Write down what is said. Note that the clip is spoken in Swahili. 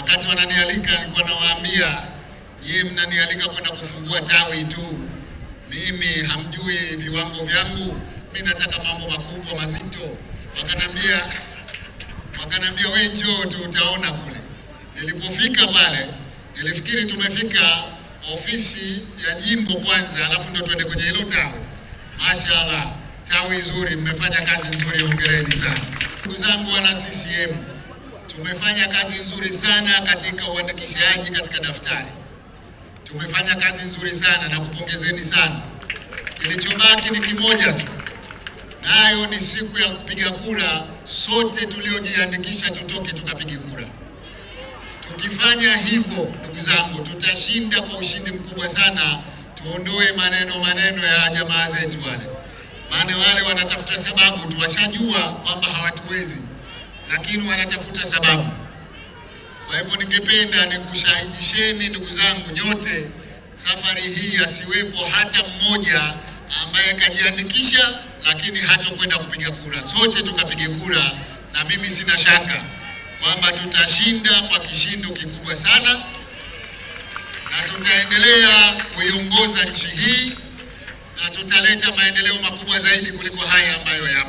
Wakati wananialika nilikuwa nawaambia nyie, mnanialika kwenda kufungua tawi tu, mimi hamjui viwango vyangu, mi nataka mambo makubwa mazito. wakanambia wakanambia we njoo tu utaona kule. Nilipofika pale nilifikiri tumefika ofisi ya jimbo kwanza, alafu ndo tuende kwenye hilo tawi. Mashallah, tawi zuri, mmefanya kazi nzuri, ongereni sana ndugu zangu wana CCM. Tumefanya kazi nzuri sana katika uandikishaji katika daftari, tumefanya kazi nzuri sana na kupongezeni sana. Kilichobaki ni kimoja tu, nayo ni siku ya kupiga kura. Sote tuliojiandikisha tutoke tukapige kura. Tukifanya hivyo, ndugu zangu, tutashinda kwa ushindi mkubwa sana. Tuondoe maneno maneno ya jamaa zetu wale, maana wale wanatafuta sababu, tuwashajua kwamba hawatuwezi lakini wanatafuta sababu. Kwa hivyo, ningependa nikushahidisheni ndugu zangu nyote, safari hii asiwepo hata mmoja ambaye kajiandikisha lakini hatokwenda kupiga kura. Sote tukapige kura, na mimi sina shaka kwamba tutashinda kwa kishindo kikubwa sana na tutaendelea kuiongoza nchi hii na tutaleta maendeleo makubwa zaidi kuliko haya ambayo ya